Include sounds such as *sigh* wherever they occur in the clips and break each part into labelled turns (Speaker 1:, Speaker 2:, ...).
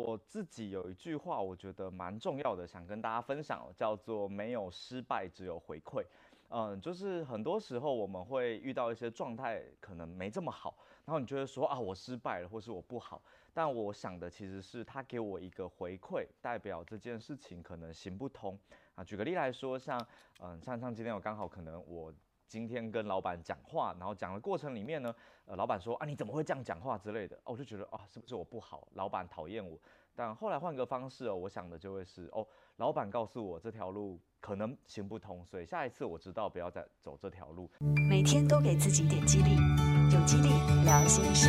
Speaker 1: 我自己有一句話，我覺得蠻重要的，想跟大家分享，喔，叫做“沒有失敗，只有回饋”。嗯，就是很多時候我們會遇到一些狀態，可能沒這麼好，然後你覺得說啊，我失敗了，或是我不好。但我想的其實是，他給我一個回饋，代表這件事情可能行不通啊。舉個例來說，像嗯，像像今天我剛好可能我。今天跟老闆講話，然後講的過程裡面呢，呃，老闆說啊，你怎麼會這樣講話之類的，我就覺得啊，是不是我不好，老闆討厭我。但後來換個方式，喔，我想的就會是哦，喔，老闆告訴我這條路可能行不通，所以下一次我知道不要再走這條路。
Speaker 2: 每天都給自己點激勵，有肌勵療心室。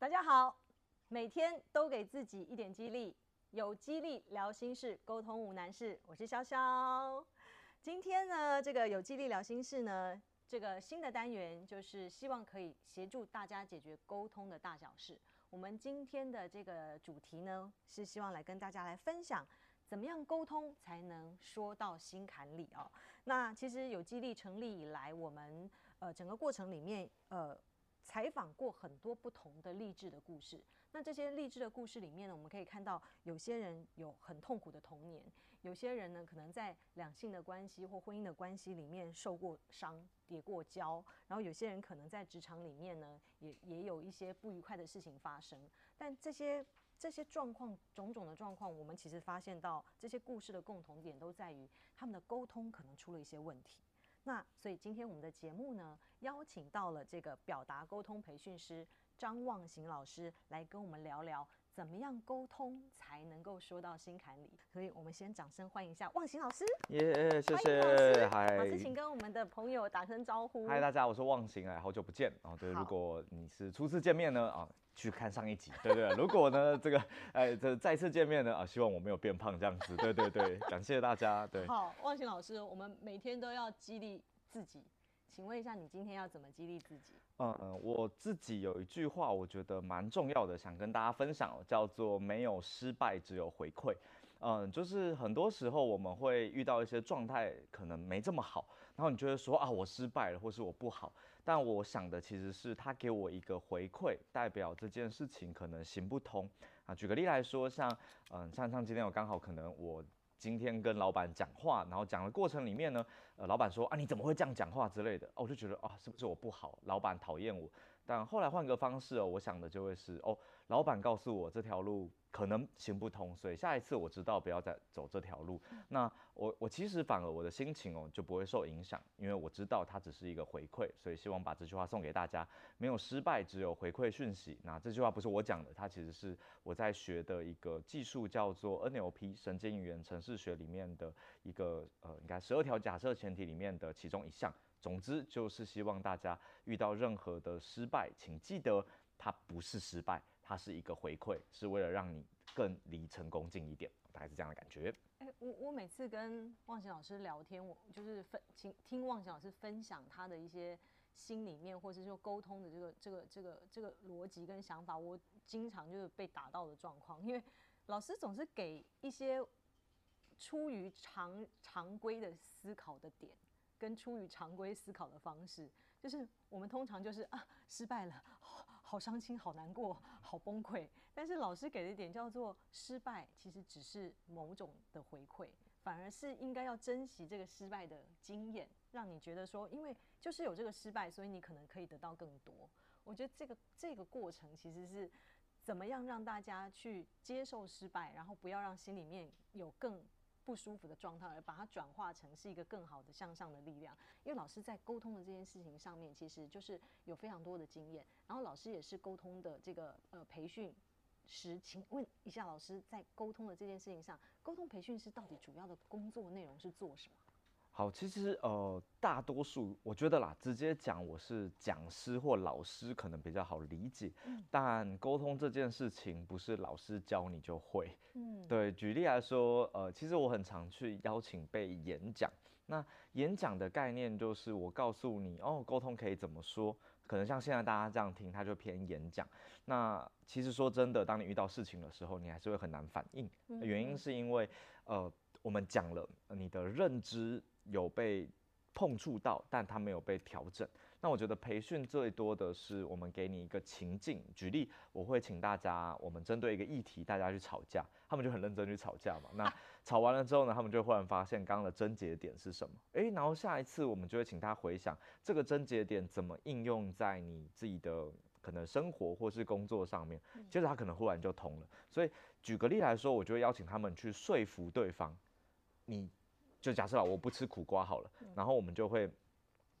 Speaker 2: 大家好，每天都給自己一點激勵，有肌勵療心室，溝通無難事，我是瀟瀟。今天呢，這個有激勵聊心事有肌勵療心室呢，這個新的單元就是希望可以協助大家解決溝通的大小事。我們今天的這個主題呢，是希望來跟大家來分享，怎麼樣溝通才能說到心坎裡哦。那其實有肌勵成立以來，我們呃整個過程裡面呃採訪過很多不同的勵志的故事。那這些勵志的故事裡面呢，我們可以看到有些人有很痛苦的童年。有些人呢，可能在兩性的關係或婚姻的關係裡面受過傷、跌過跤，然後有些人可能在職場裡面呢，也也有一些不愉快的事情發生。但這些這些狀況、種種的狀況，我們其實發現到這些故事的共同點都在於他們的溝通可能出了一些問題。那所以今天我們的節目呢，邀請到了這個表達溝通培訓師張忘形老師來跟我們聊聊。怎麼樣溝通才能夠說到心坎裡？所以，我們先掌聲歡迎一下忘形老師。
Speaker 1: 耶，yeah, 謝謝 Hi, 老師。嗨 Hi，老師，請
Speaker 2: 跟我們的朋友打聲招呼。嗨，大
Speaker 1: 家，我是忘形啊，好久不見啊、哦。對，好如果你是初次見面呢，啊，去看上一集。對對，對，如果呢， *laughs* 這個，哎，這再次見面呢，啊，希望我沒有變胖這樣子。對對對，感 *laughs* 謝、謝大家。對，好，
Speaker 2: 忘形老師，我們每天都要激勵自己。請問一下，你今天要怎麼激勵自己？
Speaker 1: 嗯，我自己有一句話，我覺得蠻重要的，想跟大家分享，叫做“沒有失敗，只有回饋”。嗯，就是很多時候我們會遇到一些狀態可能沒這麼好，然後你覺得說啊，我失敗了，或是我不好。但我想的其實是，他給我一個回饋，代表這件事情可能行不通啊。舉個例來說，像嗯，像像今天我剛好可能我。今天跟老闆講話，然後講的過程裡面呢，呃，老闆說啊，你怎麼會這樣講話之類的，哦，我就覺得啊，是不是我不好，老闆討厭我。但後來換個方式哦，我想的就會是哦。老闆告訴我這條路可能行不通，所以下一次我知道不要再走這條路。嗯、那我我其實反而我的心情哦、喔、就不會受影響，因為我知道它只是一個回饋。所以希望把這句話送給大家：沒有失敗，只有回饋訊息。那這句話不是我講的，它其實是我在學的一個技術，叫做 NLP 神經語言程式學裡面的一個呃，應該十二條假設前提裡面的其中一項。總之就是希望大家遇到任何的失敗，請記得它不是失敗。它是一個回饋，是為了讓你更離成功近一點，大概是這樣的感覺。
Speaker 2: 哎、欸，我我每次跟忘形老師聊天，我就是分聽聽忘形老師分享他的一些心裡面，或者說溝通的這個這個這個這個邏輯跟想法，我經常就是被打到的狀況，因為老師總是給一些出於常常規的思考的點，跟出於常規思考的方式，就是我們通常就是啊，失敗了。好傷心，好難過，好崩潰。但是老師給的一點叫做失敗，其實只是某種的回饋，反而是應該要珍惜這個失敗的經驗，讓你覺得說，因為就是有這個失敗，所以你可能可以得到更多。我覺得這個這個過程其實是怎麼樣讓大家去接受失敗，然後不要讓心裡面有更。不舒服的狀態，而把它轉化成是一個更好的向上的力量。因為老師在溝通的這件事情上面，其實就是有非常多的經驗。然後老師也是溝通的這個呃培訓師，請問一下，老師在溝通的這件事情上，溝通培訓師到底主要的工作內容是做什麼？
Speaker 1: 好，其實呃，大多數我覺得啦，直接講我是講師或老師可能比較好理解。嗯、但溝通這件事情不是老師教你就會。嗯，對，舉例來說，呃，其實我很常去邀請被演講。那演講的概念就是我告訴你哦，溝通可以怎麼說。可能像現在大家這樣聽，它就偏演講。那其實說真的，當你遇到事情的時候，你還是會很難反應。嗯、原因是因為呃，我們講了你的認知。有被碰觸到，但他沒有被調整。那我覺得培訓最多的是，我們給你一個情境，舉例，我會請大家，我們針對一個議題，大家去吵架，他們就很認真去吵架嘛。那、啊、吵完了之後呢，他們就忽然發現剛剛的症結點是什麼？誒、欸，然後下一次我們就會請他回想這個症結點怎麼應用在你自己的可能生活或是工作上面，嗯、接着他可能忽然就通了。所以舉個例來說，我就會邀請他們去說服對方，你。就假設吧，我不吃苦瓜好了，然後我們就會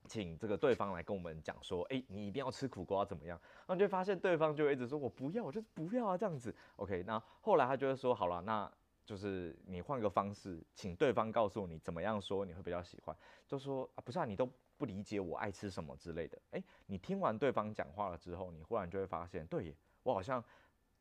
Speaker 1: 請這個對方來跟我們講說，欸，你一定要吃苦瓜怎麼樣？然後你就發現對方就一直說我不要，我就是不要啊這樣子。OK，那後來他就會說，好了，那就是你換個方式，請對方告訴你怎麼樣說你會比較喜歡，就說啊，不是啊，你都不理解我愛吃什麼之類的。欸，你聽完對方講話了之後，你忽然就會發現，對耶，我好像。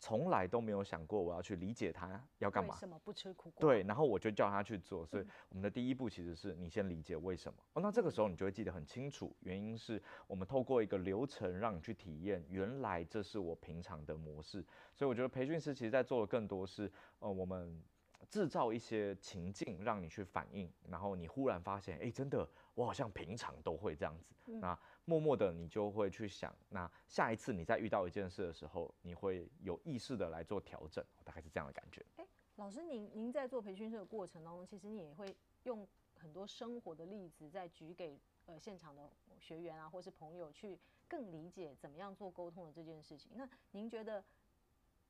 Speaker 1: 從來都沒有想過我要去理解他要幹嘛，什
Speaker 2: 麼不吃苦對，
Speaker 1: 然後我就叫他去做，所以我們的第一步其實是你先理解為什麼哦，那這個時候你就會記得很清楚，原因是我們透過一個流程讓你去體驗，原來這是我平常的模式，所以我覺得培訓師其實在做的更多是呃，我們制造一些情境讓你去反應，然後你忽然發現，欸，真的我好像平常都會這樣子啊。默默的，你就會去想，那下一次你再遇到一件事的時候，你會有意識的來做調整，大概是這樣的感覺。哎，
Speaker 2: 老師您，您您在做培訓的過程當中，其實你也會用很多生活的例子在舉給呃現場的學員啊，或是朋友去更理解怎麼樣做溝通的這件事情。那您覺得，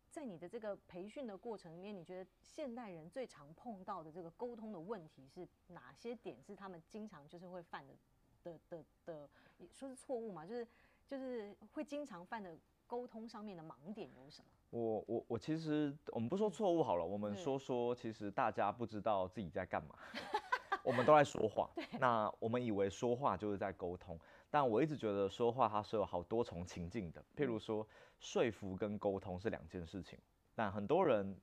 Speaker 2: 在你的這個培訓的過程裡面，你覺得現代人最常碰到的這個溝通的問題是哪些點？是他們經常就是會犯的？的的的，說是錯誤嘛，就是就是會經常犯的溝通上面的盲點有什麼？
Speaker 1: 我我我其實我們不說錯誤好了，我們說說其實大家不知道自己在幹嘛， *laughs* 我們都在說話對那我們以為說話就是在溝通，但我一直覺得說話它是有好多重情境的。譬如說，說服跟溝通是兩件事情，但很多人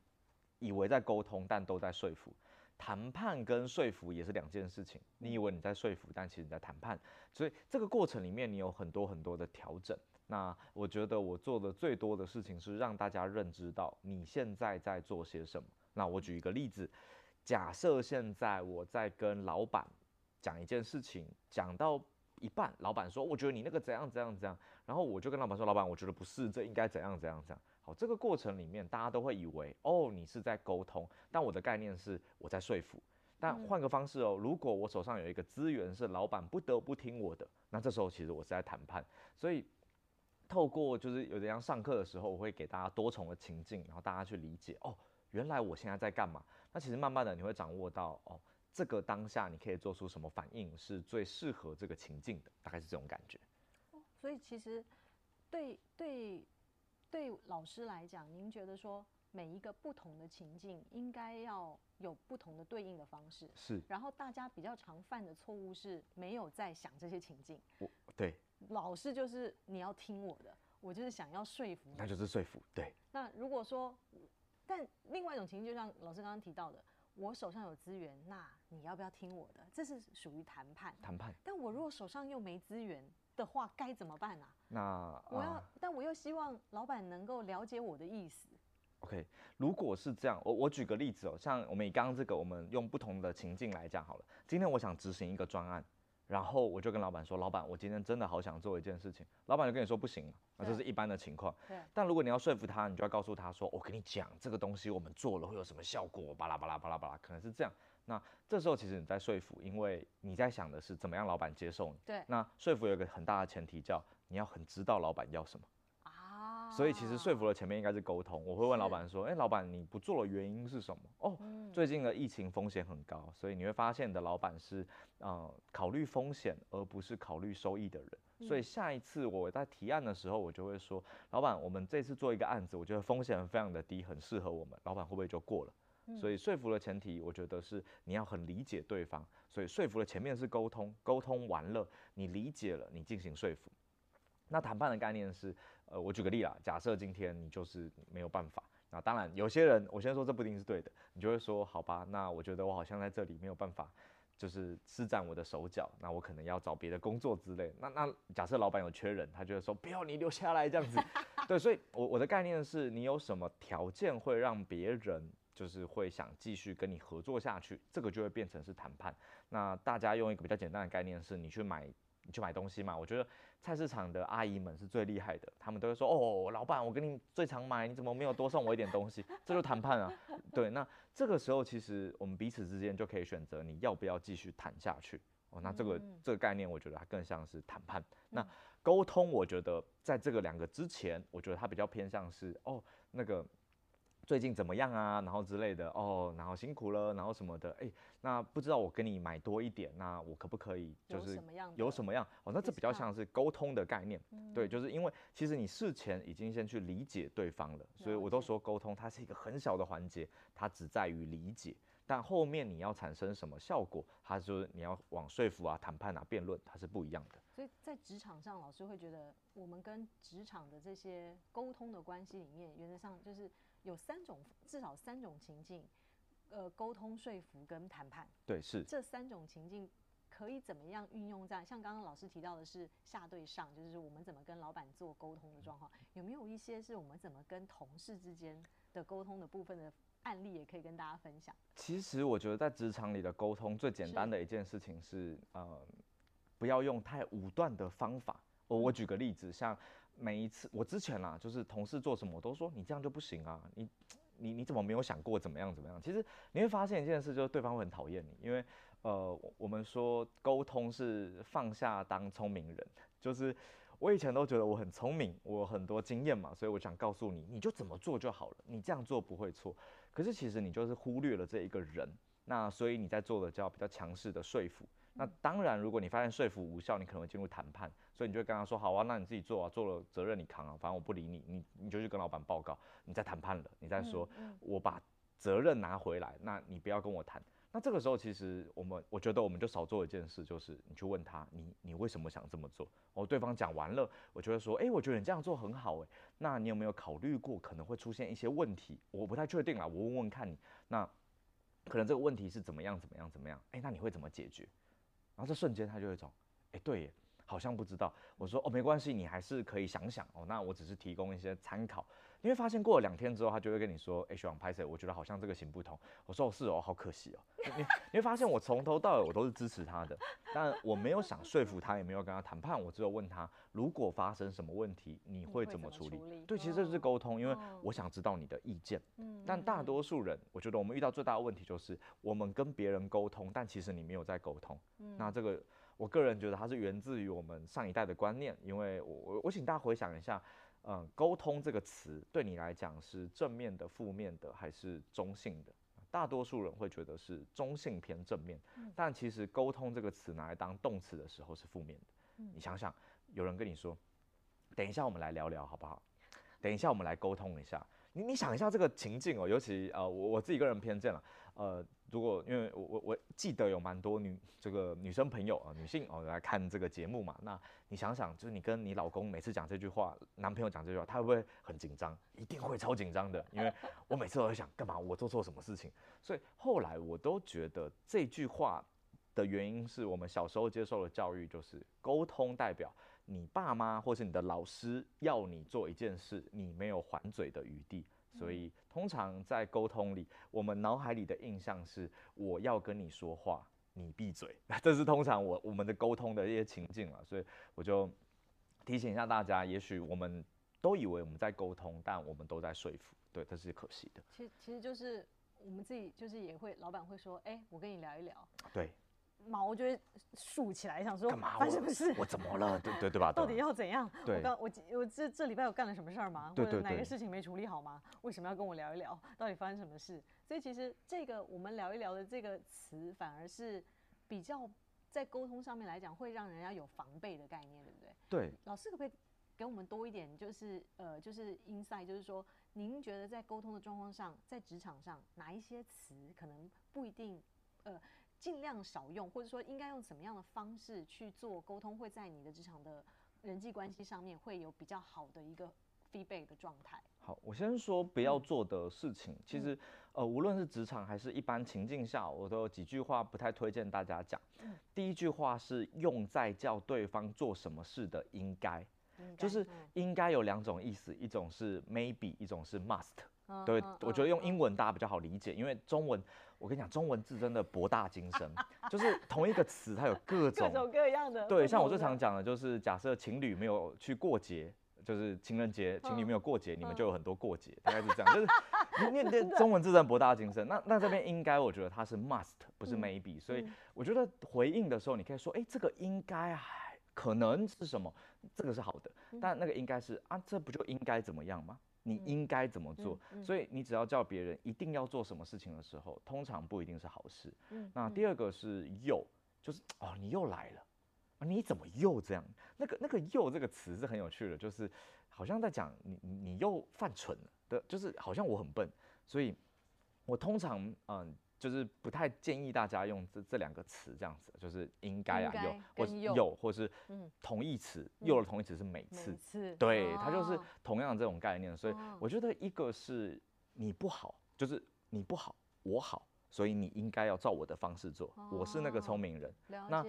Speaker 1: 以為在溝通，但都在說服。談判跟說服也是兩件事情，你以為你在說服，但其實你在談判，所以這個過程裡面你有很多很多的調整。那我覺得我做的最多的事情是讓大家認知到你現在在做些什麼。那我舉一個例子，假設現在我在跟老闆講一件事情，講到一半，老闆說：“我覺得你那個怎樣怎樣怎樣。”然後我就跟老闆說：“老闆，我覺得不是，這應該怎樣怎樣怎樣。”哦，這個過程裡面，大家都會以為哦，你是在溝通，但我的概念是我在說服。但換個方式哦，如果我手上有一個資源是老闆不得不聽我的，那這時候其實我是在談判。所以透過就是有點像上課的時候，我會給大家多重的情境，然後大家去理解哦，原來我現在在幹嘛。那其實慢慢的你會掌握到哦，這個當下你可以做出什麼反應是最適合這個情境的，大概是這種感覺。
Speaker 2: 所以其實對對。對於老師來講，您覺得說每一個不同的情境應該要有不同的對應的方式。是。然後大家比較常犯的錯誤是沒有在想這些情境。我對。老師就是你要聽我的，我就是想要說服你。那就是說服，對。那如果說，但另外一種情境，就像老師剛剛提到的，我手上有資源，那你要不要聽我的？這是屬於談判。談判。但我如果手上又沒資源，的話該怎麼辦啊？
Speaker 1: 那，那我要，
Speaker 2: 但我又希望老闆能夠了解我的意思。
Speaker 1: OK，如果是這樣，我我舉個例子哦，像我們以剛剛這個，我們用不同的情境來講好了。今天我想執行一個專案，然後我就跟老闆說：“老闆，我今天真的好想做一件事情。”老闆就跟你說：“不行。對”那這是一般的情況。對但如果你要說服他，你就要告訴他說：“我跟你講，這個東西我們做了會有什麼效果？巴拉巴拉巴拉巴拉，可能是這樣。”那這時候其實你在說服，因為你在想的是怎麼樣老闆接受你。對。那說服有一個很大的前提，叫你要很知道老闆要什麼。啊。所以其實說服的前面應該是溝通。我會問老闆說：“哎，老闆，你不做的原因是什麼？”哦。最近的疫情風險很高，所以你會發現你的老闆是啊、呃、考慮風險而不是考慮收益的人。所以下一次我在提案的時候，我就會說：“老闆，我們這次做一個案子，我覺得風險非常的低，很適合我們。”老闆會不會就過了？所以說服的前提，我覺得是你要很理解對方。所以說服的前面是溝通，溝通完了，你理解了，你進行說服。那談判的概念是，呃，我舉個例啊，假設今天你就是沒有辦法，那當然有些人，我先說這不一定是對的，你就會說好吧，那我覺得我好像在這裡沒有辦法，就是施展我的手腳，那我可能要找別的工作之類。那那假設老闆有缺人，他就會說不要你留下來這樣子，對，所以我我的概念是你有什麼條件會讓別人。就是會想繼續跟你合作下去，這個就會變成是談判。那大家用一個比較簡單的概念是，你去買，你去買東西嘛。我覺得菜市場的阿姨們是最厲害的，她們都會說：“哦，老闆，我跟你最常買，你怎麼沒有多送我一點東西？”這就談判啊。對，那這個時候其實我們彼此之間就可以選擇你要不要繼續談下去。哦，那這個這個概念，我覺得它更像是談判。那溝通，我覺得在這個兩個之前，我覺得它比較偏向是哦那個。最近怎麼樣啊？然後之類的哦，然後辛苦了，然後什麼的。誒，那不知道我跟你買多一點，那我可不可以？就是什麼樣？有什麼樣？麼樣哦，那這比較像是溝通的概念。嗯、對，就是因為其實你事前已經先去理解對方了，嗯、所以我都說溝通它是一個很小的環節，它只在於理解。但後面你要產生什麼效果，它就是你要往說服啊、談判啊、辯論，它是不一樣的。
Speaker 2: 所以在職場上，老師會覺得我們跟職場的這些溝通的關係裡面，原則上就是。有三種，至少三種情境，呃，溝通、說服跟談判。對，是這三種情境可以怎麼樣運用在？在像剛剛老師提到的是下對上，就是我們怎麼跟老闆做溝通的狀況，嗯、有沒有一些是我們怎麼跟同事之間的溝通的部分的案例，也可以跟大家分享？
Speaker 1: 其實我覺得在職場裡的溝通最簡單的一件事情是，是呃，不要用太武斷的方法。我、哦、我舉個例子，像。每一次我之前啦、啊，就是同事做什麼，我都說你這樣就不行啊，你你你怎麼沒有想過怎麼樣怎麼樣？其實你會發現一件事，就是對方會很討厭你，因為呃，我們說溝通是放下當聰明人，就是我以前都覺得我很聰明，我有很多經驗嘛，所以我想告訴你，你就怎麼做就好了，你這樣做不會錯。可是其實你就是忽略了這一個人，那所以你在做的叫比較強勢的說服。那當然，如果你發現說服無效，你可能會進入談判，所以你就會跟他說：“好啊，那你自己做啊，做了責任你扛啊，反正我不理你，你你就去跟老闆報告，你再談判了，你再說我把責任拿回來，那你不要跟我談。”那這個時候，其實我們我覺得我們就少做一件事，就是你去問他，你你為什麼想這麼做？哦，對方講完了，我就會說：“誒，我覺得你這樣做很好誒、欸，那你有沒有考慮過可能會出現一些問題？我不太確定啦，我問問看你。那可能這個問題是怎麼樣怎麼樣怎麼樣？誒，那你會怎麼解決？”然後這瞬間，他就有一種，哎，對耶，好像不知道。我說，哦，沒關係，你還是可以想想哦。那我只是提供一些參考。你會發現，過了兩天之後，他就會跟你說：“哎、欸，小王 y t 我覺得好像這個行不通。”我說：“哦，是哦，好可惜哦。 *laughs* 你”你你會發現，我從頭到尾我都是支持他的， *laughs* 但我沒有想說服他，也沒有跟他談判，我只有問他：“如果發生什麼問題，你會怎麼處理？”處理對，其實這是溝通，因為我想知道你的意見。嗯、哦。但大多數人，我覺得我們遇到最大的問題就是，我們跟別人溝通，但其實你沒有在溝通。嗯。那這個，我個人覺得它是源自於我們上一代的觀念，因為我我我請大家回想一下。嗯，溝通這個詞對你來講是正面的、負面的，還是中性的？大多數人會覺得是中性偏正面，但其實溝通這個詞拿來當動詞的時候是負面的。你想想，有人跟你說：“等一下，我們來聊聊，好不好？”等一下，我們來溝通一下。你你想一下這個情境哦，、喔，尤其啊，我我自己個人偏見了，呃。如果因為我我我記得有蠻多女這個女生朋友啊女性哦、啊、來看這個節目嘛，那你想想，就是你跟你老公每次講這句話，男朋友講這句話，他會不會很緊張？一定會超緊張的，因為我每次都會想幹嘛，我做錯什麼事情？所以後來我都覺得這句話的原因是我們小時候接受的教育就是溝通代表你爸媽或是你的老師要你做一件事，你沒有還嘴的餘地。所以，通常在溝通裡，我們腦海裡的印象是：我要跟你說話，你閉嘴。這是通常我我們的溝通的一些情境了。所以，我就提醒一下大家，也許我們都以為我們在溝通，但我們都在說服。對，這是可惜的。
Speaker 2: 其其實就是我們自己，就是也會，老闆會說：“欸，我跟你聊一聊。”對。毛，就會豎起來想說，幹嘛？發生什麼事，我？我怎麼了？對對對吧？對吧？到底要怎樣？對，我剛，我我這這禮拜有幹了什麼事兒嗎？對對對，或者哪個事情沒處理好嗎？為什麼要跟我聊一聊？到底發生什麼事？所以其實這個我們聊一聊的這個詞，反而是比較在溝通上面來講，會讓人家有防備的概念，對不對？對。老師可不可以給我們多一點，就是呃，就是 insight，就是說，您覺得在溝通的狀況上，在職場上，哪一些詞可能不一定呃？儘量少用，或者說應該用什麼樣的方式去做溝通，會在你的職場的人際關係上面會有比較好的一個 feedback 的狀態。
Speaker 1: 好，我先說不要做的事情。嗯、其實，呃，無論是職場還是一般情境下，我都有幾句話不太推薦大家講。嗯、第一句話是用在叫對方做什麼事的，應該，應該就是應該有兩種意思，一種是 maybe，一種是 must。對，我覺得用英文大家比較好理解，因為中文，我跟你講，中文字真的博大精深，就是同一個詞它有各種
Speaker 2: 各樣的。對，像我最常
Speaker 1: 講的就是，假設情侶沒有去過節，就是情人節，情侶沒有過節，你們就有很多過節，大概是這樣。就是念念，中文字真的博大精深。那那這邊應該，我覺得它是 must，不是 maybe，所以我覺得回應的時候，你可以說，哎，這個應該還可能是什麼？這個是好的，但那個應該是啊，這不就應該怎麼樣嗎？你應該怎麼做？嗯？嗯嗯、所以你只要叫別人一定要做什麼事情的時候，通常不一定是好事，嗯。嗯、那第二個是又，就是哦，你又來了，啊，你怎麼又這樣？那個那個“又”這個詞是很有趣的，就是好像在講你你又犯蠢了。對，就是好像我很笨，所以我通常嗯。呃就是不太建議大家用這這兩個詞這樣子，就是應該啊，應該 有或是有，跟有 或是同義詞，又的同義詞是每次，對，它就是同樣這種概念。所以我覺得一個是你不好，就是你不好，我好，所以你應該要照我的方式做，我是那個聰明人。那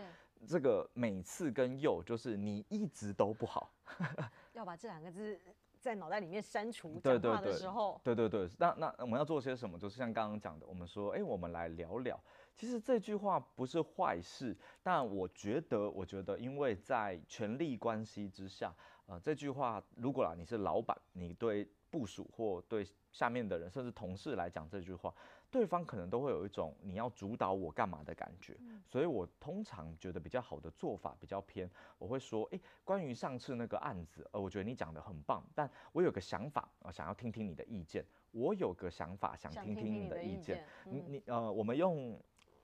Speaker 1: 這個每次跟又，就是你一直都不好
Speaker 2: *laughs* 要把這兩個字。在腦袋裡面刪除講話的時候，
Speaker 1: 對對對，對對對，那那我們要做些什麼？就是像剛剛講的，我們說，哎、欸，我們來聊聊。其實這句話不是壞事，但我覺得，我覺得，因為在權力關係之下，呃，這句話如果啦，你是老闆，你對部屬或對下面的人，甚至同事來講這句話。對方可能都會有一種你要主導我幹嘛的感覺，所以我通常覺得比較好的做法比較偏，我會說，誒，關於上次那個案子，呃，我覺得你講得很棒，但我有個想法啊，想要聽聽你的意見。我有個想法，想聽聽你的意見。聽聽你的意見、嗯、你，你呃，我們用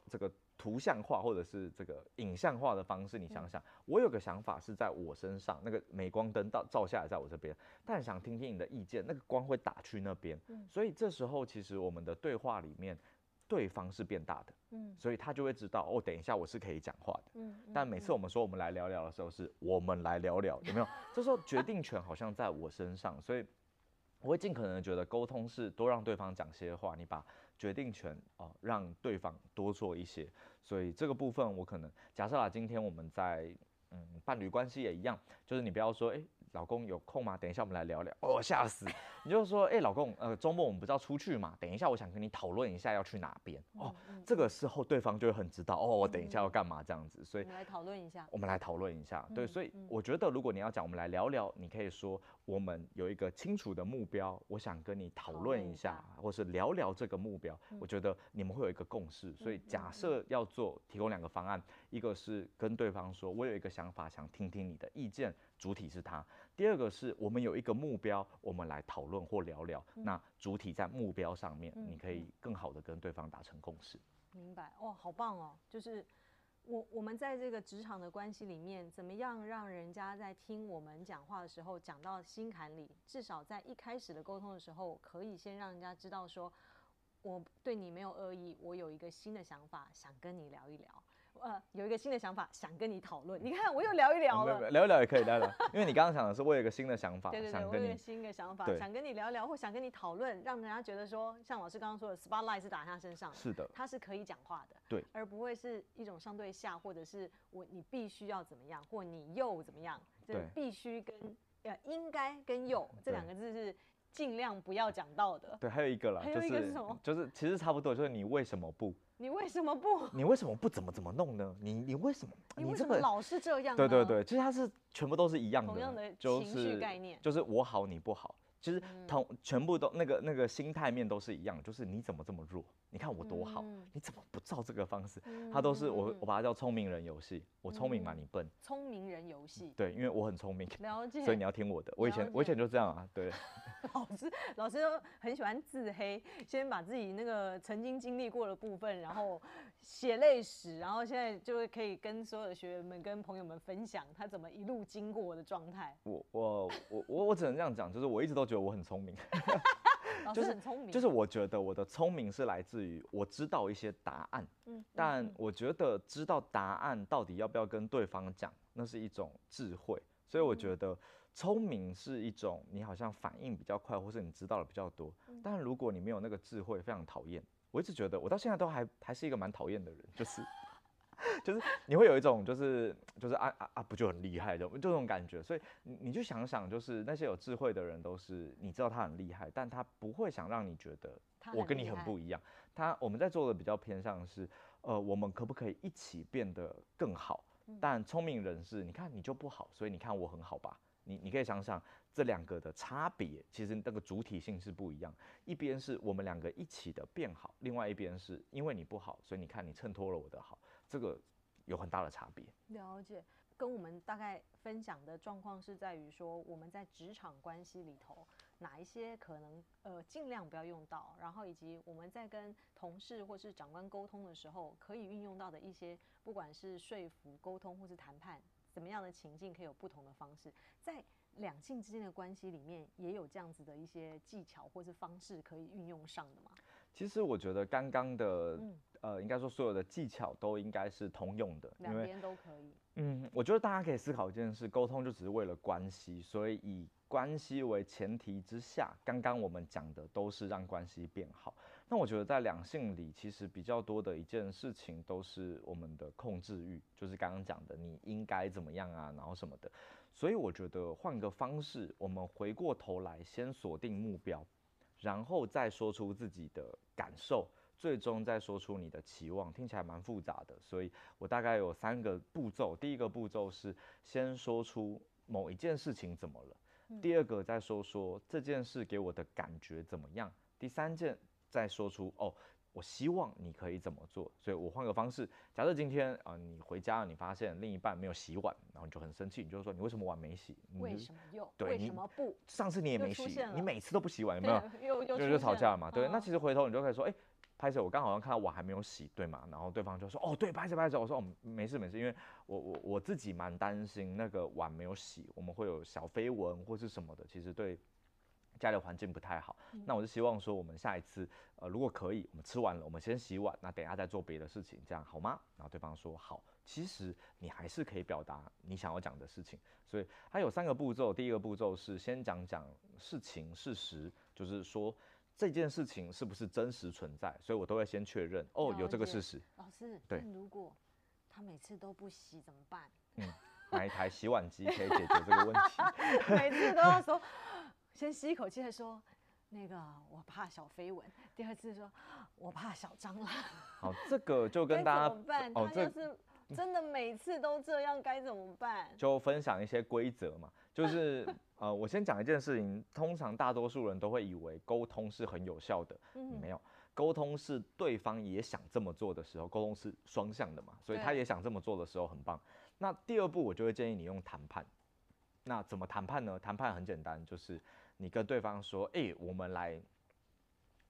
Speaker 1: 這個。圖像化或者是這個影像化的方式，你想想，我有個想法是在我身上，那個鎂光燈到照下來在我這邊，但想聽聽你的意見，那個光會打去那邊，所以這時候其實我們的對話裡面，對方是變大的，嗯，所以他就會知道，哦，等一下我是可以講話的，嗯，但每次我們說我們來聊聊的時候，是我們來聊聊，有沒有？這時候決定權好像在我身上，所以。我會盡可能覺得溝通是多讓對方講些話，你把決定權啊讓對方多做一些。所以這個部分我可能假設啦，今天我們在嗯伴侶關係也一樣，就是你不要說欸，老公有空嗎？等一下我們來聊聊，哦嚇死。 *laughs* 也就是說，哎、欸，老公，呃，週末我們不是要出去嘛？等一下，我想跟你討論一下要去哪邊、嗯嗯、哦。這個時候，對方就會很知道，哦，我等一下要幹嘛這樣子。所以，我們來討論一下，嗯嗯、我們來討論一下，對。所以，我覺得如果你要講，我們來聊聊，你可以說我們有一個清楚的目標，我想跟你討論一下，哦、或是聊聊這個目標。嗯、我覺得你們會有一個共識。所以，假設要做提供兩個方案，嗯嗯、一個是跟對方說，我有一個想法，想聽聽你的意見，主體是他。第二個是我們有一個目標，我們來討論或聊聊。那主體在目標上面，你可以更好的跟對方達成共識。嗯，
Speaker 2: 嗯，明白哦，好棒哦！就是我我們在這個職場的關係裡面，怎麼樣讓人家在聽我們講話的時候講到心坎裡？至少在一開始的溝通的時候，可以先讓人家知道說，我對你沒有惡意，我有一個新的想法，想跟你聊一聊。呃，有一個新的想法，想跟你討論。你看，我又聊一聊了，
Speaker 1: 聊一聊也可以，聊一聊。因為你剛剛講的是，我有一個新的想法，想跟，我有一個
Speaker 2: 新的想法，想跟你聊聊，或想跟你討論，讓人家覺得說，像老師剛剛說的，spotlight 是打他身上，是的，他是可以講話的，對，而不會是一種上對下，或者是我你必須要怎麼樣，或你又怎麼樣，對，必須跟應該跟又這兩個字是盡量不要講到的。
Speaker 1: 對，還有一個了，還有一個是什麼？就是其實差不多，就是你為什麼不？
Speaker 2: 你為什麼不？
Speaker 1: 你為什麼不怎麼怎麼弄呢？你你為什麼？你為什麼老
Speaker 2: 是這樣？對
Speaker 1: 對對，其實他是全部都是一樣的，同樣的情緒概念，就是，就是我好你不好。其實同全部都那個那個心態面都是一樣，就是你怎麼這麼弱？你看我多好，嗯、你怎麼不照這個方式？他、嗯、都是我，我把它叫聰明人遊戲。我聰明嘛，你笨。
Speaker 2: 聰、嗯、明人遊戲。
Speaker 1: 對，因為我很聰明，了解所以你要聽我的。我以前解我以前就這樣啊，對。
Speaker 2: 老師老師都很喜歡自黑，先把自己那個曾經經歷過的部分，然後寫歷史，然後現在就可以跟所有的學員們、跟朋友們分享他怎麼一路經過的狀態。
Speaker 1: 我我我我我只能這樣講，就是我一直都覺得。我，我很聰明， *laughs* 就
Speaker 2: 是、哦、是很聰明啊。就是
Speaker 1: 我覺得我的聰明是來自於我知道一些答案，嗯、
Speaker 2: 嗯、但
Speaker 1: 我覺得知道答案到底要不要跟對方講，那是一種智慧。所以我覺得聰明是一種你好像反應比較快，或是你知道的比較多。但如果你沒有那個智慧，非常討厭。我一直覺得我到現在都還還是一個蠻討厭的人，就是。 *laughs* 就是你會有一種就是就是啊啊啊不就很厲害的這種,這種感覺，所以你你就想想，就是那些有智慧的人都是你知道他很厲害，但他不會想讓你覺得我跟你很不一樣。他我們在做的比較偏向是，呃，我們可不可以一起變得更好？但聰明人是，你看你就不好，所以你看我很好吧？你你可以想想這兩個的差別，其實那個主體性是不一樣。一邊是我們兩個一起的變好，另外一邊是因為你不好，所以你看你襯托了我的好。這個有很大的差別。
Speaker 2: 了解，跟我們大概分享的狀況是在於說，我們在職場關係裡頭哪一些可能呃盡量不要用到，然後以及我們在跟同事或是長官溝通的時候，可以運用到的一些，不管是說服、溝通或是談判，怎麼樣的情境可以有不同的方式。在兩性之間的關係裡面，也有這樣子的一些技巧或是方式可以運用上的嗎？
Speaker 1: 其實我覺得剛剛的，嗯、呃，應該說所有的技巧都應該是通用的，兩邊都可以。嗯，我覺得大家可以思考一件事，溝通就只是為了關係，所以以關係為前提之下，剛剛我們講的都是讓關係變好。那我覺得在兩性裡，其實比較多的一件事情都是我們的控制欲，就是剛剛講的你應該怎麼樣啊，然後什麼的。所以我覺得換個方式，我們回過頭來先鎖定目標。然後再說出自己的感受，最終再說出你的期望，聽起來蠻複雜的。所以我大概有三個步驟：第一個步驟是先說出某一件事情怎麼了；嗯、第二個再說說這件事給我的感覺怎麼樣；第三件再說出哦。我希望你可以怎麼做，所以我換個方式。假設今天啊，你回家了，你發現另一半沒有洗碗，然後你就很生氣，你就說你為什麼碗沒洗？為什麼
Speaker 2: 又？對，為什麼不？你上次你也沒洗，你
Speaker 1: 每次都不洗碗，有沒
Speaker 2: 有？就就吵架了嘛。對，嗯、那
Speaker 1: 其實回頭你就可以說，哎，拍謝我剛好像看到碗還沒有洗，對嘛，然後對方就說，哦，對，拍謝拍謝。我說哦、喔，沒事沒事，因為我我我自己蠻擔心那個碗沒有洗，我們會有小飛蚊或是什麼的。其實對。家裡環境不太好，那我就希望說，我們下一次，呃，如果可以，我們吃完了，我們先洗碗，那等一下再做別的事情，這樣好嗎？然後對方說好。其實你還是可以表達你想要講的事情，所以它有三個步驟，第一個步驟是先講講事情事實，就是說這件事情是不是真實存在，所以我都會先確認，哦，了解。有這個事實。老師，對，
Speaker 2: 但如果他每次都不洗怎麼辦？
Speaker 1: 嗯，買一台洗碗機可以解決這個問題。
Speaker 2: *laughs* 每次都要說。 *laughs* 先吸一口氣，再說：“那個我怕小飛蚊。”第二次說：“我怕小蟑螂。”
Speaker 1: 好、哦，這個就跟大家他這、哦、是
Speaker 2: 真的，每次都這樣，該怎麼辦？
Speaker 1: 就分享一些規則嘛，就是 *laughs* 呃，我先講一件事情。通常大多數人都會以為溝通是很有效的，嗯、哼沒有溝通是對方也想這麼做的時候，溝通是雙向的嘛，所以他也想這麼做的時候很棒。對那第二步，我就會建議你用談判。那怎麼談判呢？談判很簡單，就是。你跟對方說：“哎、欸，我們來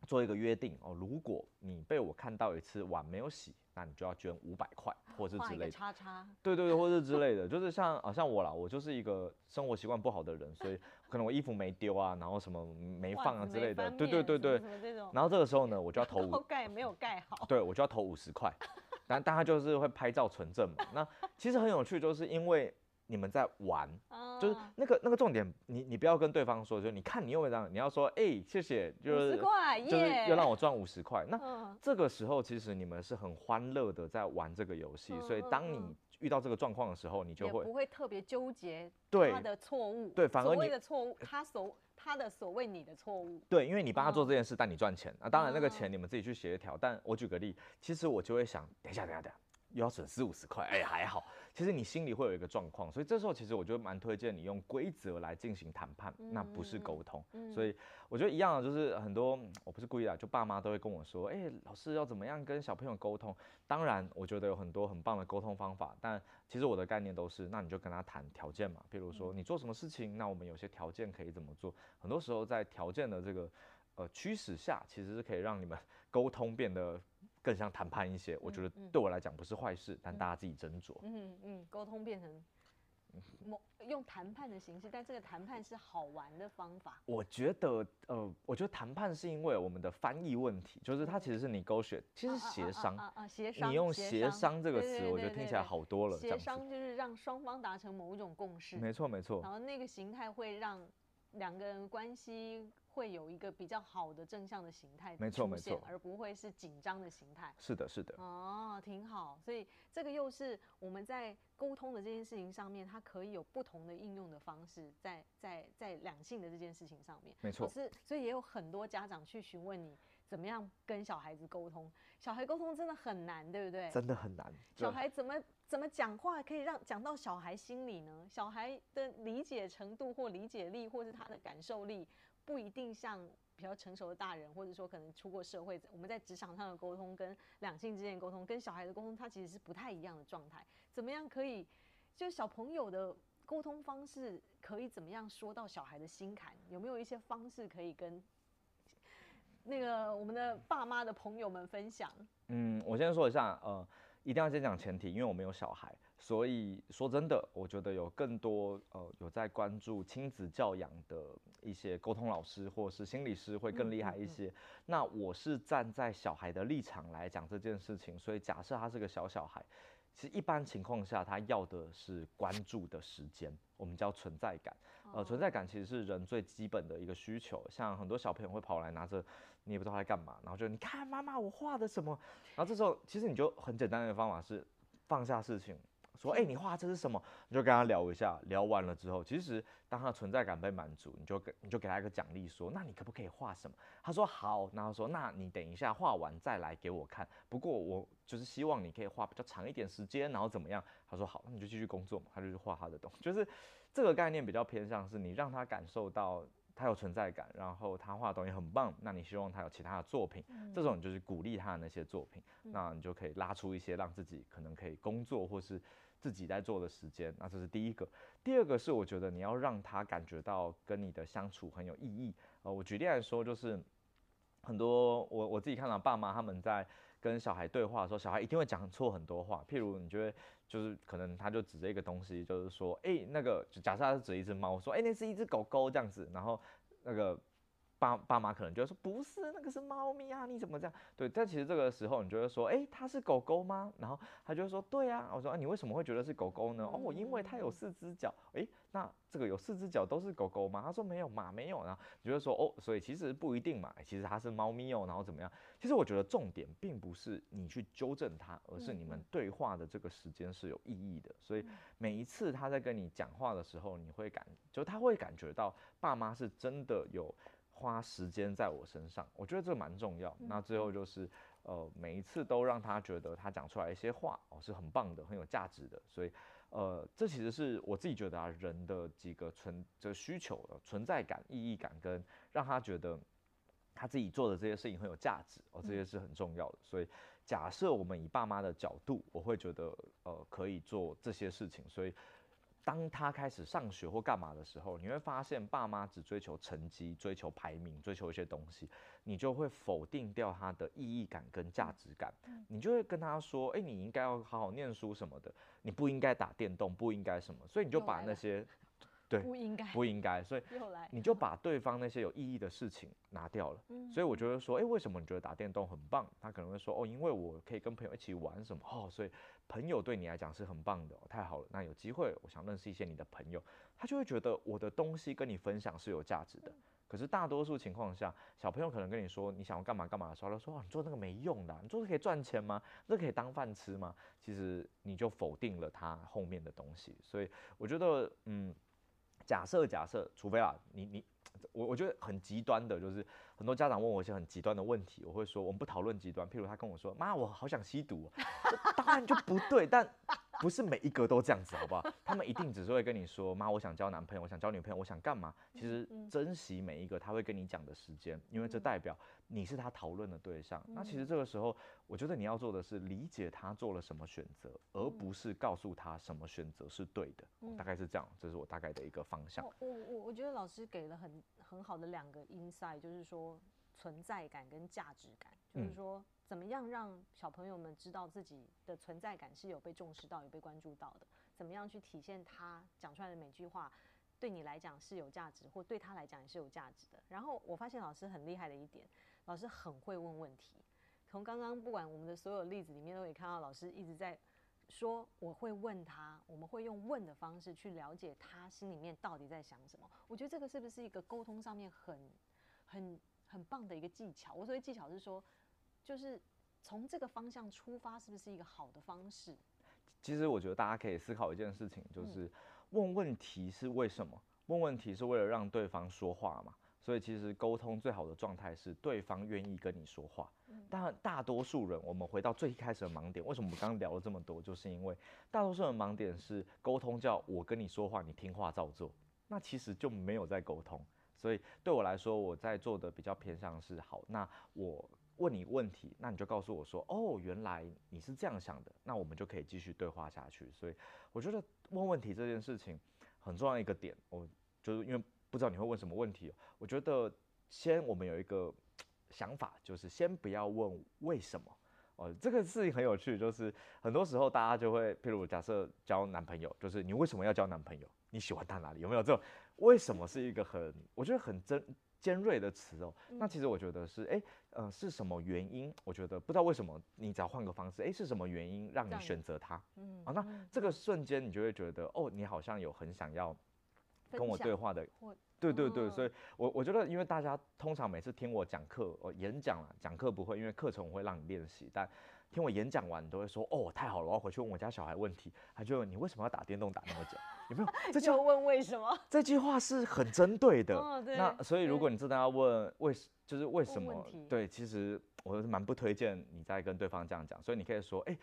Speaker 1: 做一個約定哦，如果你被我看到一次碗沒有洗，那你就要捐五百塊，或是之類的。叉叉”叉。對對對，或是之類的， *laughs* 就是像啊，像我啦，我就是一個生活習慣不好的人，所以可能我衣服沒丟啊，然後什麼沒放啊之類的。對對對對。什麼什麼這種？然後這個時候呢，我就要投五。鍋
Speaker 2: 蓋沒有蓋好。
Speaker 1: 對，我就要投五十塊，但大家就是會拍照存證嘛。 *laughs* 那其實很有趣，就是因為。你們在玩，嗯、就是那個那個重點你，你你不要跟對方說，就你看你又違章，你要說哎、欸、謝謝，就是塊就是又讓我賺五十塊。耶 那這個時候其實你們是很歡樂的在玩這個遊戲，嗯、所以當你遇到這個狀況的時候，你就會不
Speaker 2: 會特別糾結他的錯誤，對，對，反而你所謂的錯誤，他所他的所謂你的錯誤，
Speaker 1: 對，因為你幫他做這件事帶你賺錢，那、嗯啊、當然那個錢你們自己去協調。但我舉個例，其實我就會想，等一下等一下等一下。又要省四五十塊，哎，還好。其實你心裡會有一個狀況，所以這時候其實我就蠻推薦你用規則來進行談判，那不是溝通。所以我覺得一樣的，就是很多我不是故意的，就爸媽都會跟我說，哎，老師要怎麼樣跟小朋友溝通？當然，我覺得有很多很棒的溝通方法，但其實我的概念都是，那你就跟他談條件嘛。比如說你做什麼事情，那我們有些條件可以怎麼做？很多時候在條件的這個呃驅使下，其實是可以讓你們溝通變得。更像談判一些，嗯、我覺得對我來講不是壞事，嗯、但大家自己斟酌。嗯
Speaker 2: 嗯，溝、嗯、通變成用談判的形式，但這個談判是好玩的方法。
Speaker 1: 我覺得呃，我覺得談判是因為我們的翻譯問題，就是它其實是你勾選，嗯、其實協商，啊啊，啊，啊，
Speaker 2: 啊啊，協商，你用協商、協商這個詞，對對對對對，我覺得聽起來好多了。協商就是讓雙方達成某一種共識。沒錯沒錯。然後那個形態會讓兩個人關係，會有一個比較好的正向的形態，沒錯，沒錯，而不會是緊張的形態。
Speaker 1: 是的，是的。哦，
Speaker 2: 挺好。所以這個又是我們在溝通的這件事情上面，它可以有不同的應用的方式在，在在在兩性的這件事情上面。沒錯。是，所以也有很多家長去詢問你怎麼樣跟小孩子溝通。小孩溝通真的很難，對不對？真的很
Speaker 1: 難。小孩
Speaker 2: 怎麼怎麼講話可以讓講到小孩心裡呢？小孩的理解程度或理解力，或是他的感受力。不一定像比較成熟的大人，或者說可能出過社會，我們在職場上的溝通、跟兩性之間溝通、跟小孩的溝通，它其實是不太一樣的狀態。怎麼樣可以，就小朋友的溝通方式可以怎麼樣說到小孩的心坎？有沒有一些方式可以跟那個我們的爸媽的朋友們分享？
Speaker 1: 嗯，我先說一下，呃，一定要先講前提，因為我沒有小孩。所以說真的，我覺得有更多呃，有在關注親子教養的一些溝通老師或者是心理師會更厲害一些。嗯嗯嗯。那我是站在小孩的立場來講這件事情，所以假設他是個小小孩，其實一般情況下他要的是關注的時間，我們叫存在感。呃，存在感其實是人最基本的一個需求。像很多小朋友會跑來拿着，你也不知道來幹嘛，然後就你看，媽媽我畫的什麼，然後這時候其實你就很簡單的方法是放下事情，說哎、欸，你畫這是什麼？你就跟他聊一下，聊完了之後，其實當他的存在感被滿足，你就給你就給他一個獎勵，說那你可不可以畫什麼？他說好，然後他說那你等一下畫完再來給我看。不過我就是希望你可以畫比較長一點時間，然後怎麼樣？他說好，那你就繼續工作嘛。他就去畫他的東西，就是這個概念比較偏向是，你讓他感受到他有存在感，然後他畫的東西很棒，那你希望他有其他的作品，嗯、這種就是鼓勵他的那些作品，那你就可以拉出一些讓自己可能可以工作或是。自己在做的時間，那這是第一個。第二個是我覺得你要讓他感覺到跟你的相處很有意義。呃，我舉例來說，就是很多我我自己看到爸媽他們在跟小孩對話的時候，小孩一定會講錯很多話。譬如你覺得就是可能他就指着一個東西，就是說，欸，那個，就假設他是指一隻貓，我說，欸，那是一隻狗狗這樣子，然後那個。爸爸媽可能覺得說，不是，那個是貓咪啊，你怎麼這樣？對，但其實這個時候你覺得說，哎、欸，它是狗狗嗎？然後他就會說，對啊。我說啊，你為什麼會覺得是狗狗呢？哦，因為它有四隻腳。哎、欸，那這個有四隻腳都是狗狗嗎？他說沒有，嘛，沒有呢。你覺得說，哦，所以其實不一定嘛。欸、其實它是貓咪哦。然後怎麼樣？其實我覺得重點並不是你去糾正他，而是你們對話的這個時間是有意義的。所以每一次他在跟你講話的時候，你會感，就他會感覺到爸媽是真的有花時間在我身上，我覺得這蠻重要。那最後就是，呃，每一次都讓他覺得他講出來一些話哦，是很棒的，很有價值的。所以，呃，這其實是我自己覺得啊，人的幾個存這個需求的、呃，存在感、意義感，跟讓他覺得他自己做的這些事情很有價值哦，這些是很重要的。所以，假設我們以爸媽的角度，我會覺得，呃，可以做這些事情。所以。當他開始上學或幹嘛的時候，你會發現爸媽只追求成績、追求排名、追求一些東西，你就會否定掉他的意義感跟價值感。嗯、你就會跟他說：“哎、欸，你應該要好好念書什麼的，你不應該打電動，不應該什麼。”所以你就把那些對不應該不應該，又來，所以你就把對方那些有意義的事情拿掉了。所以我就會說：“哎、欸，為什麼你覺得打電動很棒？”他可能會說：“哦，因為我可以跟朋友一起玩什麼哦。”所以。朋友對你來講是很棒的，哦，太好了。那有機會，我想認識一些你的朋友，他就會覺得我的東西跟你分享是有價值的。可是大多數情況下，小朋友可能跟你說你想要幹嘛幹嘛的時候，他說：“哦，你做那個沒用的，啊，你做這個可以賺錢嗎？這個可以當飯吃嗎？”其實你就否定了他後面的東西。所以我覺得，嗯，假設假設，除非啊，你你我我覺得很極端的，就是很多家長問我一些很極端的問題，我會說我們不討論極端。譬如他跟我說：“媽，我好想吸毒。” *laughs* 那就不對，但不是每一個都這樣子，好不好？ *laughs* 他們一定只是會跟你說，媽，我想交男朋友，我想交女朋友，我想幹嘛？其實珍惜每一個他會跟你講的時間，嗯、因為這代表你是他討論的對象。嗯、那其實這個時候，我覺得你要做的是理解他做了什麼選擇，嗯、而不是告訴他什麼選擇是對的、嗯哦。大概是這樣，這是我大概的一個方向。
Speaker 2: 我我我覺得老師給了很很好的兩個 insight，就是說存在感跟價值感，就是說、嗯。怎麼樣讓小朋友們知道自己的存在感是有被重視到、有被關注到的？怎麼樣去體現他講出來的每句話，對你來講是有價值，或對他來講也是有價值的？然後我發現老師很厲害的一點，老師很會問問題。從剛剛不管我們的所有例子裡面都可以看到，老師一直在說，我會問他，我們會用問的方式去了解他心裡面到底在想什麼。我覺得這個是不是一個溝通上面很、很、很棒的一個技巧？我所謂技巧是說。就是從這個方向出發，是不是一個好的方式？
Speaker 1: 其實我覺得大家可以思考一件事情，就是問問題是為什麼？問問題是為了讓對方說話嘛。所以其實溝通最好的狀態是對方願意跟你說話。當然，大多數人我們回到最一開始的盲點，為什麼我們剛剛聊了這麼多？就是因為大多數人盲點是溝通叫我跟你說話，你聽話照做，那其實就沒有在溝通。所以對我來說，我在做的比較偏向是好，那我問你問題，那你就告訴我說：“哦，原來你是這樣想的。”那我們就可以繼續對話下去。所以我覺得問問題這件事情很重要一個點，我就是因為不知道你會問什麼問題。我覺得先我們有一個想法，就是先不要問為什麼哦。這個事情很有趣，就是很多時候大家就會，譬如假設交男朋友，就是你為什麼要交男朋友？你喜歡他哪裡？有沒有這種？為什麼是一個很我覺得很尖尖銳的詞哦。那其實我覺得是哎。欸嗯、呃，是什麼原因？我覺得不知道為什麼，你只要換個方式，誒、欸，是什麼原因讓你選擇他？嗯、嗯啊，那這個瞬間你就會覺得，哦，你好像有很想要跟我對話的，對對對。嗯、所以我我覺得，因為大家通常每次聽我講課、我、呃、演講講課不會，因為課程我會讓你練習，但。聽我演講完，你都會說哦，太好了！我要回去問我家小孩問題，他就問你為什麼要打電動打那麼久？有沒有？
Speaker 2: 這就要問為什麼？
Speaker 1: 這句話是很針對的。那所以如果你真的要問為，就是為什麼？對，其實我是蠻不推薦你再跟對方這樣講。所以你可以說，哎，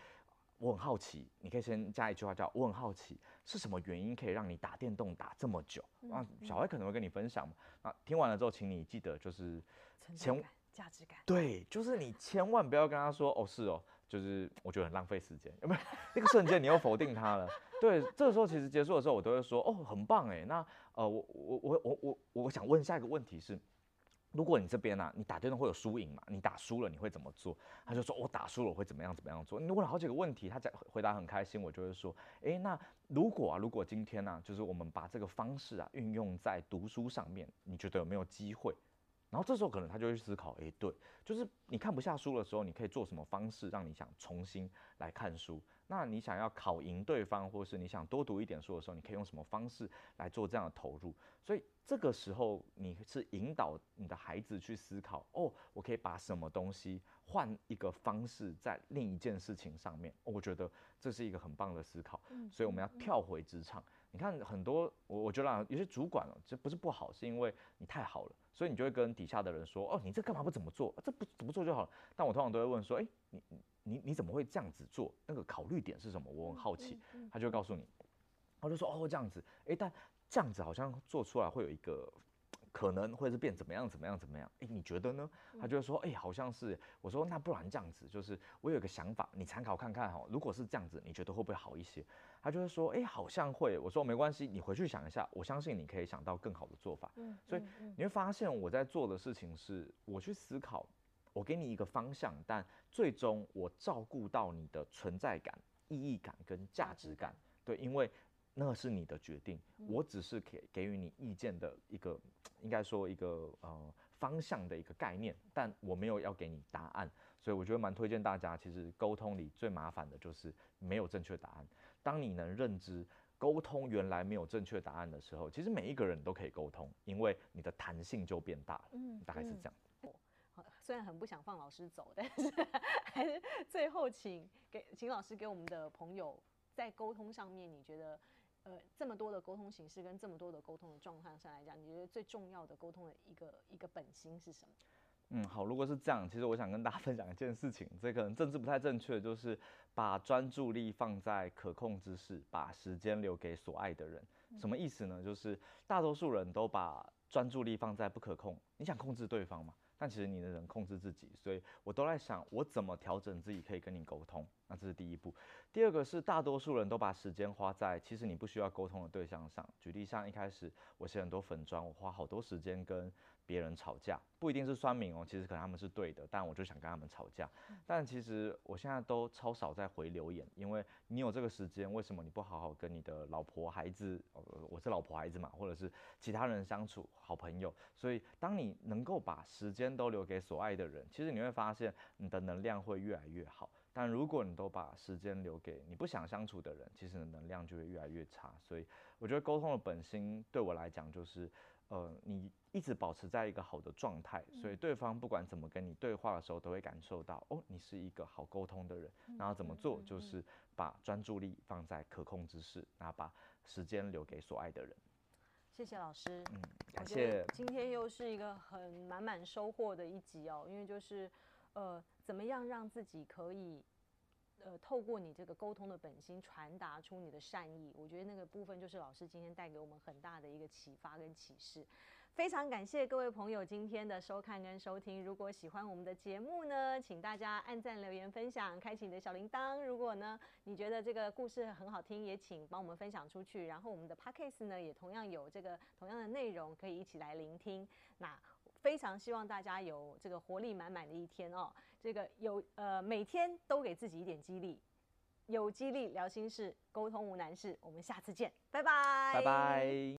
Speaker 1: 我很好奇。你可以先加一句話叫“我很好奇”，是什麼原因可以讓你打電動打這麼久？那小孩可能會跟你分享。那聽完了之後，請你記得就是，成就
Speaker 2: 價值感。對，
Speaker 1: 就是你千萬不要跟他說哦，是哦。就是我覺得很浪費時間，有沒有一個瞬間你又否定他了？對，這個時候其實結束的時候我都會說，哦，很棒誒、欸！那呃，我我我我我我想問下一個問題是，如果你這邊呢，你打電動會有輸贏嘛？你打輸了你會怎麼做？他就說，哦，我打輸了我會怎麼樣怎麼樣做？你問了好幾個問題，他在回答很開心，我就會說，哎，那如果啊，如果今天呢，啊，就是我們把這個方式啊運用在讀書上面，你覺得有沒有機會？然後這時候可能他就會思考，欸，對，就是你看不下書的時候，你可以做什麼方式讓你想重新來看書？那你想要考贏對方，或者是你想多讀一點書的時候，你可以用什麼方式來做這樣的投入？所以這個時候你是引導你的孩子去思考，哦，我可以把什麼東西換一個方式在另一件事情上面。喔，我覺得這是一個很棒的思考。所以我們要跳回職場，你看很多我我覺得有些主管哦，這不是不好，是因為你太好了。所以你就會跟底下的人說，哦，你這幹嘛不怎麼做？啊、這不怎麼做就好了。但我通常都會問說，誒、欸，你你你怎麼會這樣子做？那個考慮點是什麼？我很好奇。他就會告訴你，他就說，哦，這樣子，誒、欸，但這樣子好像做出來會有一個。可能會是變怎麼樣怎麼樣怎麼樣？哎、欸，你覺得呢？他就說，哎、欸，好像是。我說，那不然這樣子，就是我有個想法，你參考看看哈。如果是這樣子，你覺得會不會好一些？他就會說，哎、欸，好像會。我說，沒關係，你回去想一下，我相信你可以想到更好的做法。嗯，所以你會發現我在做的事情是，我去思考，我給你一個方向，但最終我照顧到你的存在感、意義感跟價值感。嗯、對，因為。那是你的決定，我只是給給予你意見的一個，嗯、應該說一個呃方向的一個概念，但我沒有要給你答案，所以我覺得蠻推薦大家。其實溝通裡最麻煩的就是沒有正確答案。當你能認知溝通原來沒有正確答案的時候，其實每一個人都可以溝通，因為你的彈性就變大了。嗯，大概是這樣、
Speaker 2: 嗯哦。雖然很不想放老師走，但是 *laughs* 還是最後請給請老師給我們的朋友在溝通上面，你覺得？呃，這麼多的溝通形式跟這麼多的溝通的狀態上來講，你覺得最重要的溝通的一個一個本心是什麼？
Speaker 1: 嗯，好，如果是這樣，其實我想跟大家分享一件事情，這可能政治不太正確，就是把專注力放在可控之事，把時間留給所愛的人。什麼意思呢？就是大多數人都把專注力放在不可控，你想控制對方嗎？但其實你的人控制自己，所以我都在想，我怎麼調整自己可以跟你溝通？那這是第一步。第二個是大多數人都把時間花在其實你不需要溝通的對象上。舉例像一開始我寫很多粉專，我花好多時間跟。別人吵架不一定是酸民哦，其實可能他們是對的，但我就想跟他們吵架。但其實我現在都超少在回留言，因為你有這個時間，為什麼你不好好跟你的老婆、孩子、呃，我是老婆孩子嘛，或者是其他人相處，好朋友？所以當你能夠把時間都留給所愛的人，其實你會發現你的能量會越來越好。但如果你都把時間留給你不想相處的人，其實你的能量就會越來越差。所以我覺得溝通的本心對我來講就是，呃，你。一直保持在一個好的狀態，所以對方不管怎麼跟你對話的時候，都會感受到哦，你是一個好溝通的人。然後怎麼做就是把專注力放在可控之事，然後把時間留給所愛的人。
Speaker 2: 謝謝老師，嗯，感謝。今天又是一個很滿滿收穫的一集哦，因為就是呃，怎麼樣讓自己可以呃透過你這個溝通的本心傳達出你的善意？我覺得那個部分就是老師今天帶給我們很大的一個啟發跟啟示。非常感謝各位朋友今天的收看跟收聽。如果喜歡我們的節目呢，請大家按贊、留言、分享，開啟你的小鈴鐺。如果呢，你覺得這個故事很好聽，也請幫我們分享出去。然後我們的 podcast 呢，也同樣有這個同樣的內容，可以一起來聆聽。那非常希望大家有這個活力滿滿的一天哦。這個有呃，每天都給自己一點激勵，有肌勵療心室，溝通無難事。我們下次見，拜拜，拜拜。